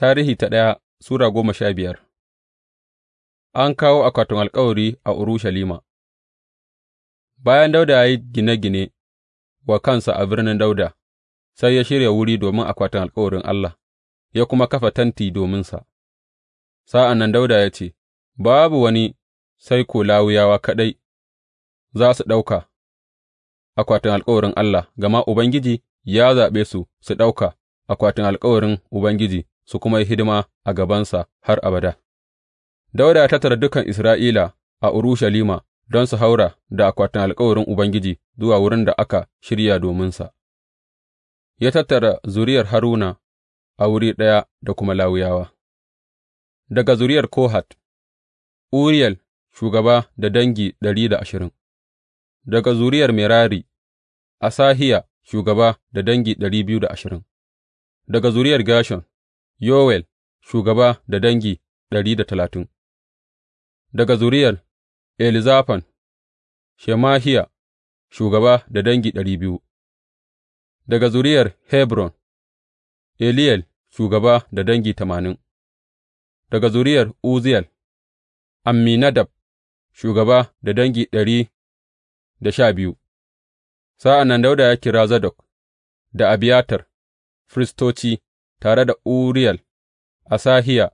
Tarihi ta ɗaya Sura goma sha biyar An kawo akwatin alkawari a Urushalima Bayan Dauda ya yi gine gine wa kansa a birnin Dauda, sai ya shirya wuri domin akwatin alkawarin Allah, ya kuma kafa tanti dominsa. Sa'an nan Dauda ya ce, Babu wani sai ko lawuyawa kaɗai za su ɗauka akwatin alkawarin Allah, gama Ubangiji ya zaɓe su su ɗauka akwatin alkawarin Ubangiji su kuma yi hidima a gabansa har abada. Dawuda ya tattara dukan Isra'ila a Urushalima don su haura da akwatin alkawarin Ubangiji zuwa wurin da aka shirya dominsa. Ya tattara zuriyar Haruna a wuri ɗaya da kuma lawuyawa. Daga zuriyar Kohat, Uriyel shugaba da dangi ɗari da ashirin. Daga zuriyar Merari, Asahiya shugaba da dangi ɗari biyu da ashirin. Daga zuriyar Gashon, Yowel shugaba da dangi dari da talatin, daga zuriyar Elizafan, Shemahiya shugaba da dangi dari biyu, daga zuriyar Hebron, Eliyel shugaba da dangi tamanin, daga zuriyar Uziyel, Amminadab shugaba da dangi dari da sha biyu. Sa'an nan Dauda ya kira Zadok da Abiyatar, firistoci tare da Uriyel, Asahiya,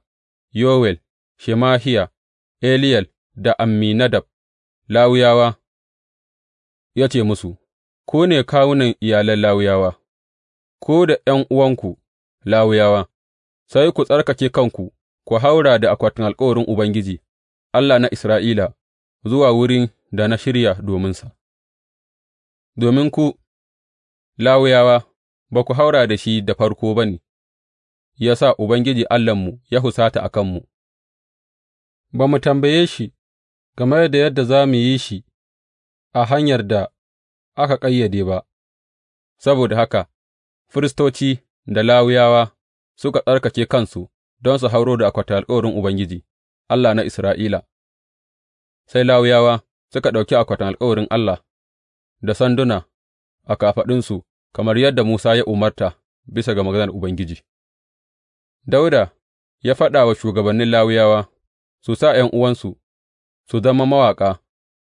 Yowel, Shemahiya, Eliyel da Amminadab, Lawiyawa, ya ce musu, Ku ne kawunan iyalan Lawiyawa, ku da ’yan'uwanku Lawiyawa, sai ku tsarkake kanku, ku haura da akwatin alkawarin Ubangiji, Allah na Isra'ila, zuwa wurin da na shirya dominsa, domin ku, Lawiyawa, ba ku haura da shi da farko ba ne. ya sa Ubangiji Allahnmu ya husata a kanmu, ba mu tambaye shi game da yadda za mu yi shi a hanyar da aka ƙayyade ba, saboda haka firistoci da Lawiyawa suka tsarkake kansu don su hauro da akwatin alkawarin Ubangiji, Allah na Isra'ila, sai Lawiyawa suka ɗauki akwatin alkawarin Allah da sanduna a kafaɗinsu kamar yadda Musa ya umarta bisa ga maganar Ubangiji. Dawuda ya faɗa wa shugabannin Lawiyawa su sa ’yan'uwansu su zama mawaƙa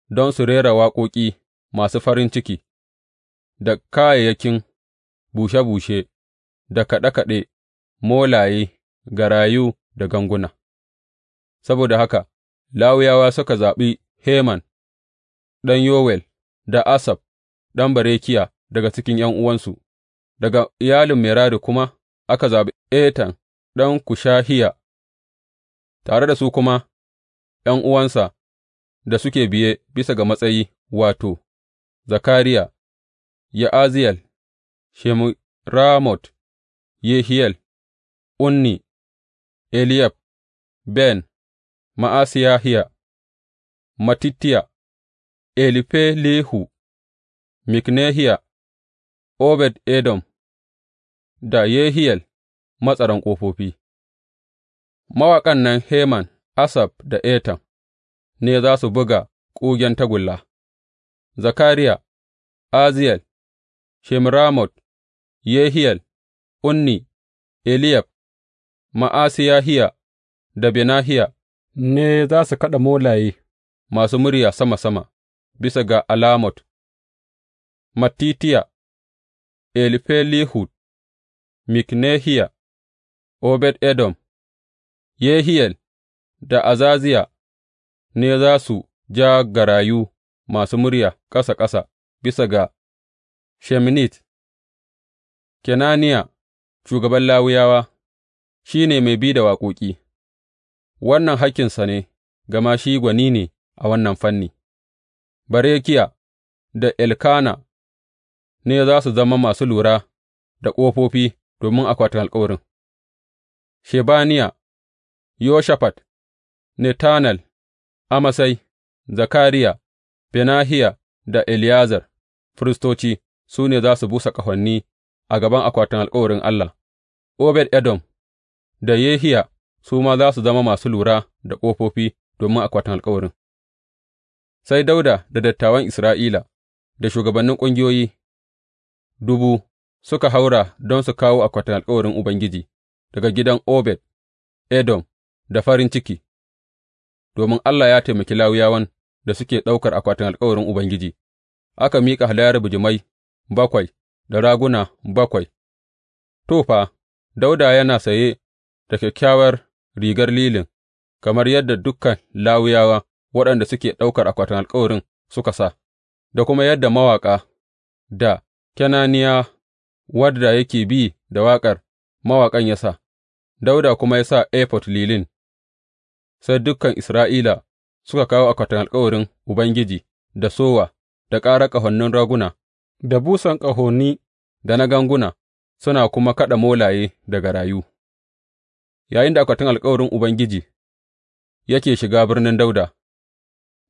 don su rera waƙoƙi masu farin ciki da kayayyakin bushe bushe da kaɗe kaɗe, molaye, garayu da ganguna, saboda haka Lawiyawa suka zaɓi Heman ɗan Yowel da Asaf ɗan Berekiya daga cikin ’yan'uwansu, daga iyalin Merari kuma aka zaɓi Etan. ɗan Kushahiya, tare da su kuma ’yan'uwansa da suke biye bisa ga matsayi, wato, Zakariya, Ya'aziyel, Shemiramot, Yehiyel, Unni, Eliyab, Ben, Ma'asehiya, Mattitiya, Elifelehu, Miknehiya, Obed Edom da Yehiyel. matsaran ƙofofi Mawaƙan nan Heman, Asaf da Etan ne za su buga ƙugen tagulla, Zakariya, Aziyel, Shemiramot, Yehiyel, Unni, Eliyab, Ma'asiyahiya da Benahiya ne za su kaɗa molaye masu murya sama-sama bisa ga Alamot, Mattitiya, Elfelihud, Miknehiya, Obed Edom, Yehiyel da Azaziya ne za su ja garayu masu murya ƙasa ƙasa bisa ga sheminit, Kenaniya, shugaban lawuyawa shi ne mai bi da waƙoƙi, wannan hakkinsa ne, gama shi gwani ne a wannan fanni, Barekiya da Elkana ne za su zama masu lura da ƙofofi domin akwatin alkawarin. Shebaniya, Yoshafat, Netanel, Amasai, Zakariya, Benahiya da Eliyazar, firistoci, su ne za su busa ƙahoni a gaban akwatin alkawarin Allah, Obed Edom da Yehiya su ma za su zama masu lura da ƙofofi domin akwatin alkawarin. Sai Dauda da dattawan Isra'ila da shugabannin ƙungiyoyi dubu suka haura don su kawo akwatin alkawarin Ubangiji. daga gidan Obed Edom da farin ciki, domin Allah ya taimaki Lawiyawan da suke ɗaukar akwatin alkawarin Ubangiji, aka miƙa hadayar bijimai bakwai da raguna bakwai. To, fa, Dauda yana saye da kyakkyawar rigar lilin, kamar yadda dukan Lawiyawa waɗanda suke ɗaukar akwatin alkawarin suka sa, da kuma yadda mawaƙa da Kenaniya wadda yake bi da waƙar mawaƙan ya sa. Dawuda kuma ya sa efod lilin, sai dukan Isra'ila suka kawo akwatin alkawarin Ubangiji da sowa, da ƙarar ƙahonin raguna, da busan ƙahoni da na ganguna, suna kuma kaɗa molaye da garayu. da akwatin alkawarin Ubangiji yake shiga birnin Dawuda,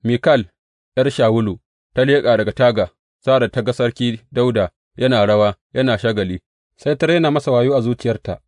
Mikal, ’yar Shawulu, ta leƙa daga taga sa'ad ta ga Sarki Dawuda yana rawa yana shagali, sai ta rena masa wayo a zuciyarta.